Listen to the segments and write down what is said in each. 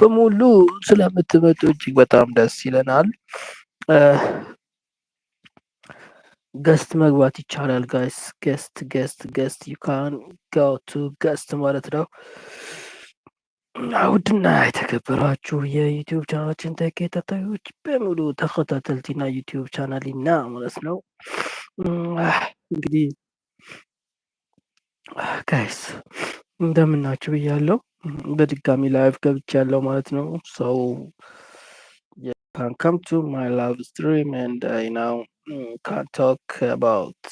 በሙሉ ስለምትመጡ እጅግ በጣም ደስ ይለናል። ገስት መግባት ይቻላል ጋይስ። ገስት ገስት ገስት ዩካን ጋው ቱ ገስት ማለት ነው። ውድና የተከበራችሁ የዩቲዩብ ቻናላችን ተከታታዮች በሙሉ ተከታተልቲና ዩቲዩብ ና ማለት ነው እንግዲህ ጋይስ እንደምናችሁ ብያለው። በድጋሚ ላይቭ ገብቼ ያለው ማለት ነው። ሰው ካንከም ቱ ማይ ላቭ ስትሪም ኤንድ አይ ናው ካን ቶክ አባውት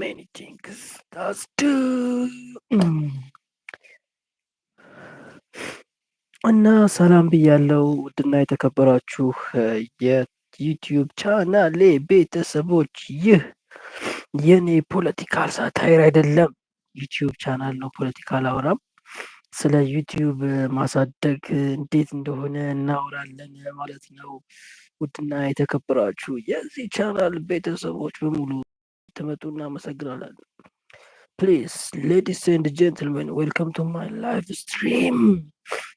ሜኒ ቲንግስ ዳስ እና ሰላም ብያለው። ውድና የተከበራችሁ የዩቲዩብ ቻናሌ ቤተሰቦች ይህ የኔ ፖለቲካል ሳታይር አይደለም ዩቲዩብ ቻናል ነው። ፖለቲካል አውራም ስለ ዩቲዩብ ማሳደግ እንዴት እንደሆነ እናወራለን ማለት ነው። ውድና የተከበራችሁ የዚህ ቻናል ቤተሰቦች በሙሉ ተመጡ እናመሰግናለን። ፕሊስ ሌዲስ ኤንድ ጀንትልመን ዌልከም ቱ ማይ ላይቭ ስትሪም።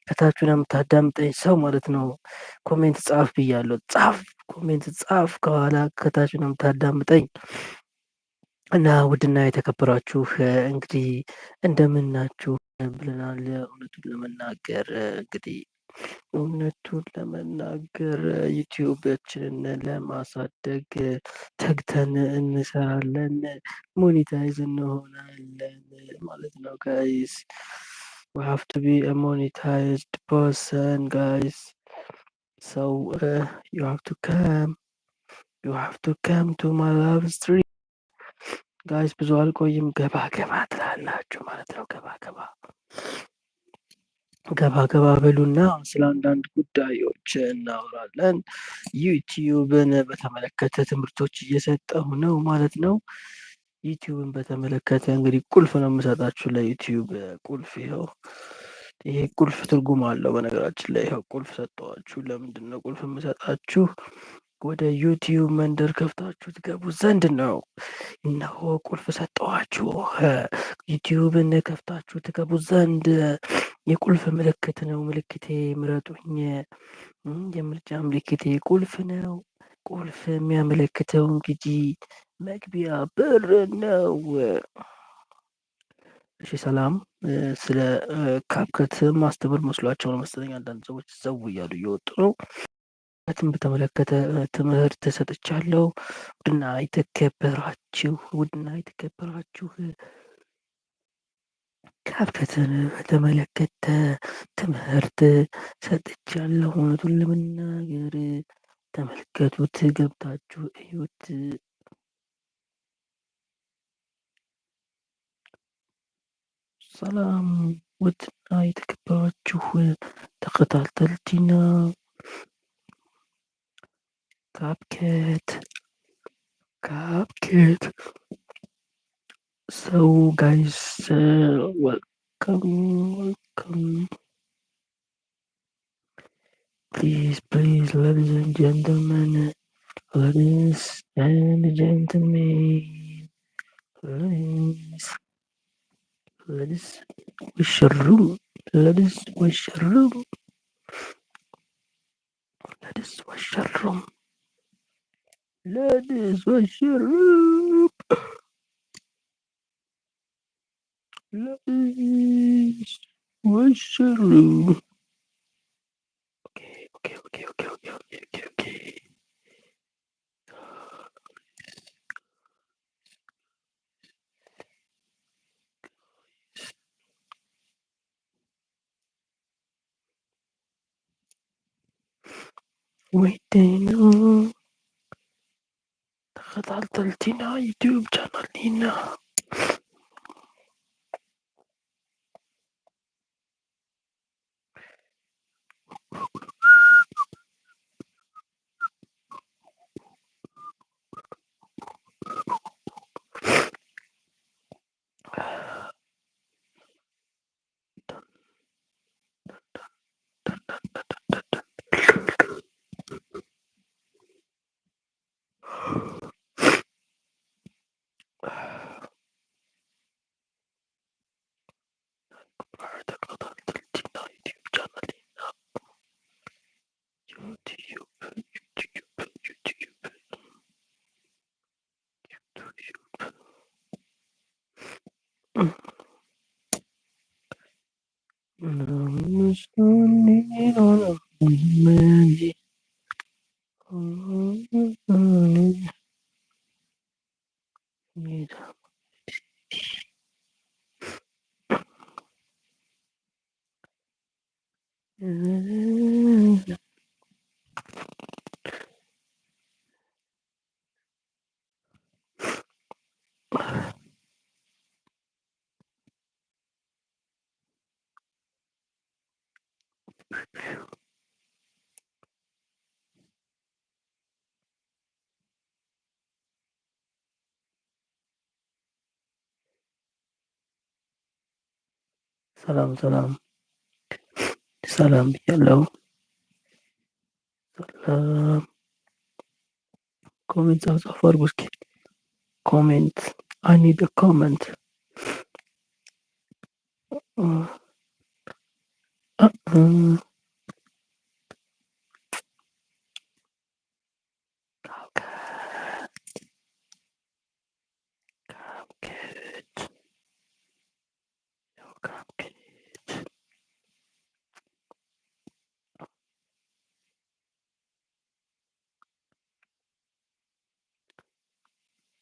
ከታችሁን የምታዳምጠኝ ሰው ማለት ነው ኮሜንት ጻፍ ብያለሁ። ጻፍ ኮሜንት ጻፍ ከኋላ ከታችሁን የምታዳምጠኝ እና ውድና የተከበራችሁ እንግዲህ እንደምን ናችሁ ብለናል። እውነቱን ለመናገር እንግዲህ እውነቱን ለመናገር ዩቲዩባችንን ለማሳደግ ተግተን እንሰራለን፣ ሞኒታይዝ እንሆናለን ማለት ነው ጋይስ። ዊ ሃቭ ቱ ቢ ሞኒታይዝድ ፐርሰን ጋይስ። ሰው ዩ ሃቭ ቱ ካም ዩ ሃቭ ቱ ካም ቱ ማይ ላይቭ ስትሪም ጋይስ ብዙ አልቆይም። ገባ ገባ ትላላችሁ ማለት ነው። ገባ ገባ ገባ ገባ በሉና ስለ አንዳንድ ጉዳዮች እናወራለን። ዩቲዩብን በተመለከተ ትምህርቶች እየሰጠሁ ነው ማለት ነው። ዩቲዩብን በተመለከተ እንግዲህ ቁልፍ ነው የምሰጣችሁ ለዩቲዩብ ቁልፍ ይኸው። ይሄ ቁልፍ ትርጉም አለው በነገራችን ላይ ይኸው ቁልፍ ሰጠዋችሁ። ለምንድን ነው ቁልፍ የምሰጣችሁ? ወደ ዩቲዩብ መንደር ከፍታችሁ ትገቡ ዘንድ ነው። እነሆ ቁልፍ ሰጠዋችሁ። ዩቲዩብን ከፍታችሁ ትገቡ ዘንድ የቁልፍ ምልክት ነው። ምልክቴ ምረጡኝ። የምርጫ ምልክቴ ቁልፍ ነው። ቁልፍ የሚያመለክተው እንግዲህ መግቢያ በር ነው። እሺ ሰላም። ስለ ካፕከት ማስተምር መስሏቸው ነው መሰለኝ አንዳንድ ሰዎች ዘው እያሉ እየወጡ ነው። ሰዓትን በተመለከተ ትምህርት ሰጥቻለሁ። ውድና የተከበራችሁ ውድና የተከበራችሁ ከብትን በተመለከተ ትምህርት ሰጥቻለሁ። እውነቱን ለመናገር ተመልከቱት፣ ገብታችሁ እዩት። ሰላም ውድና የተከበራችሁ ተከታተልቲና Cupcake. Cupcake. So, guys, uh, welcome, welcome. Please, please, ladies and gentlemen, ladies and gentlemen, ladies, ladies, wish room, ladies, wish room, ladies, wish room. Ladies, wash your Let Ladies, wash Okay, okay, okay, okay, okay, okay, okay, okay. Waiting on. Salta il Teen YouTube Channel in salaam salaam salaam yàlla salaam comments out of our book comment I need a comment uh, uh, uh.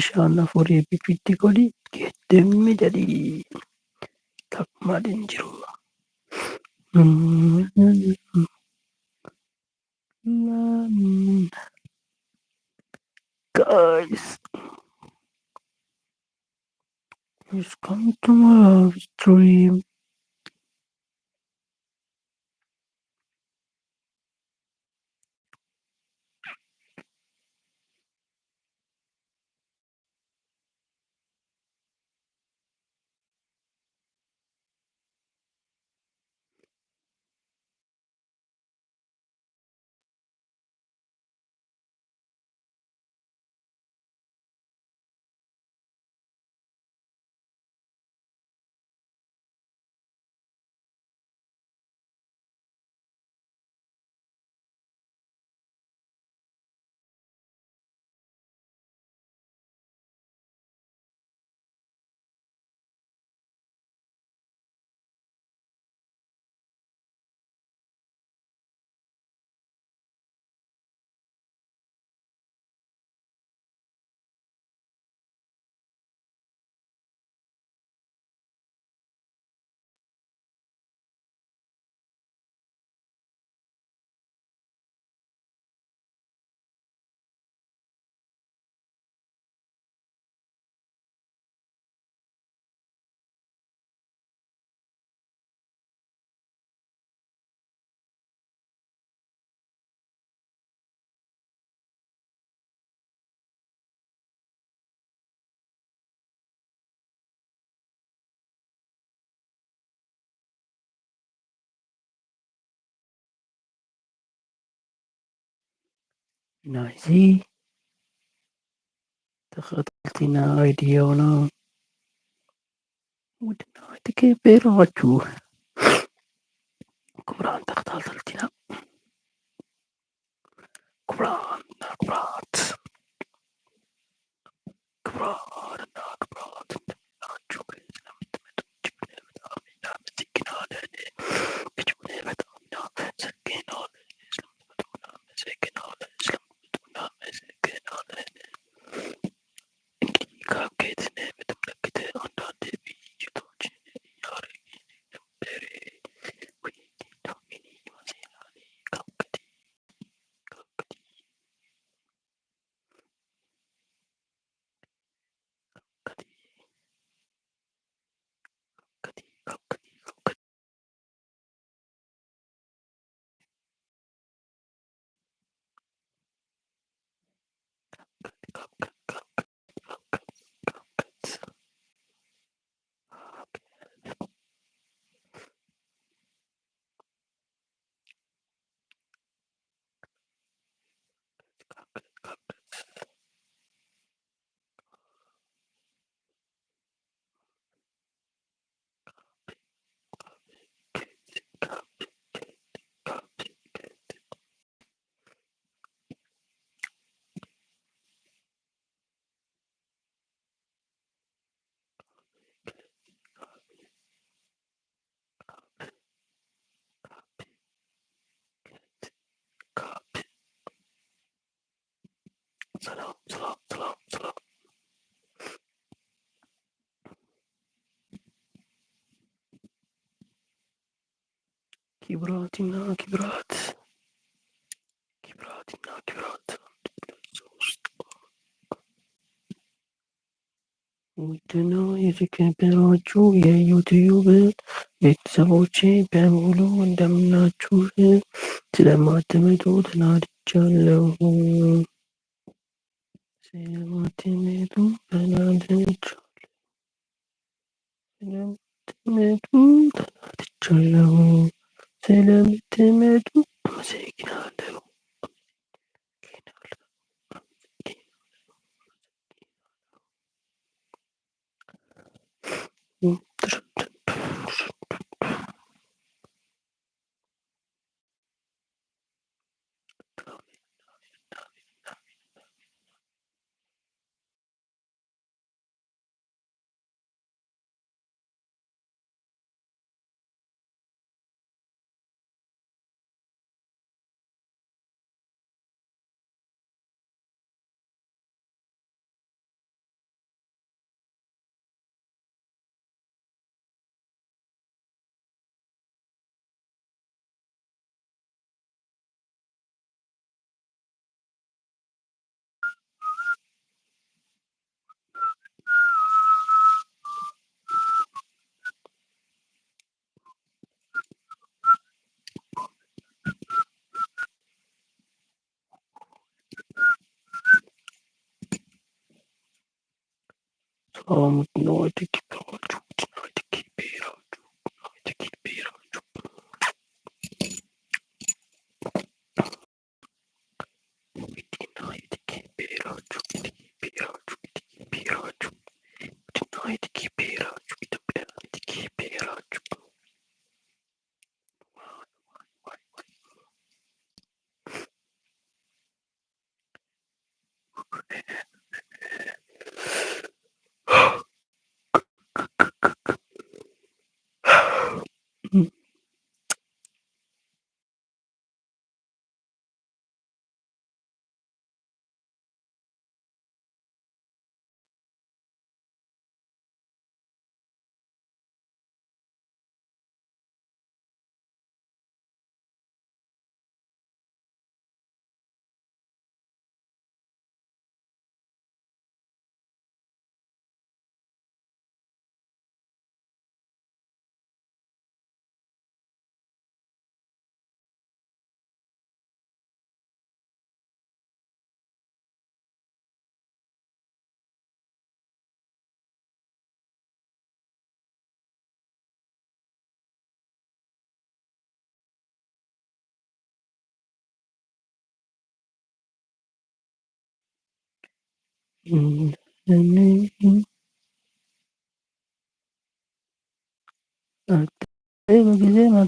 Bishaan a f o r i i fi ifatti gadi geettamni sadii takmaadha hin jiru. Guys, it's come to my live stream. noisy. Takot kasi na idea na wala na ito kay pero ato kumbra ang takot na ሰላም ሰላም ሰላም ሰላም። ክቡራትና ክቡራት ክቡራትና ክቡራት ውድና የተከበራችሁ የዩቲዩብ ቤተሰቦቼ በሙሉ እንደምናችሁ። ስለማትመጡ ተናድጃለሁ። Sevatimerum feladim çölüm. Selametimerum feladim ama Selametimerum sekinalım. Mm-hmm. um ähm, Nordic genau, Mm, mm, Devo chiedere ma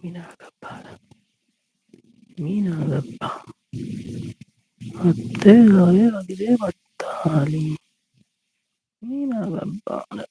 mina kappara mina kappa hatte aveva chiedere tali mina kappara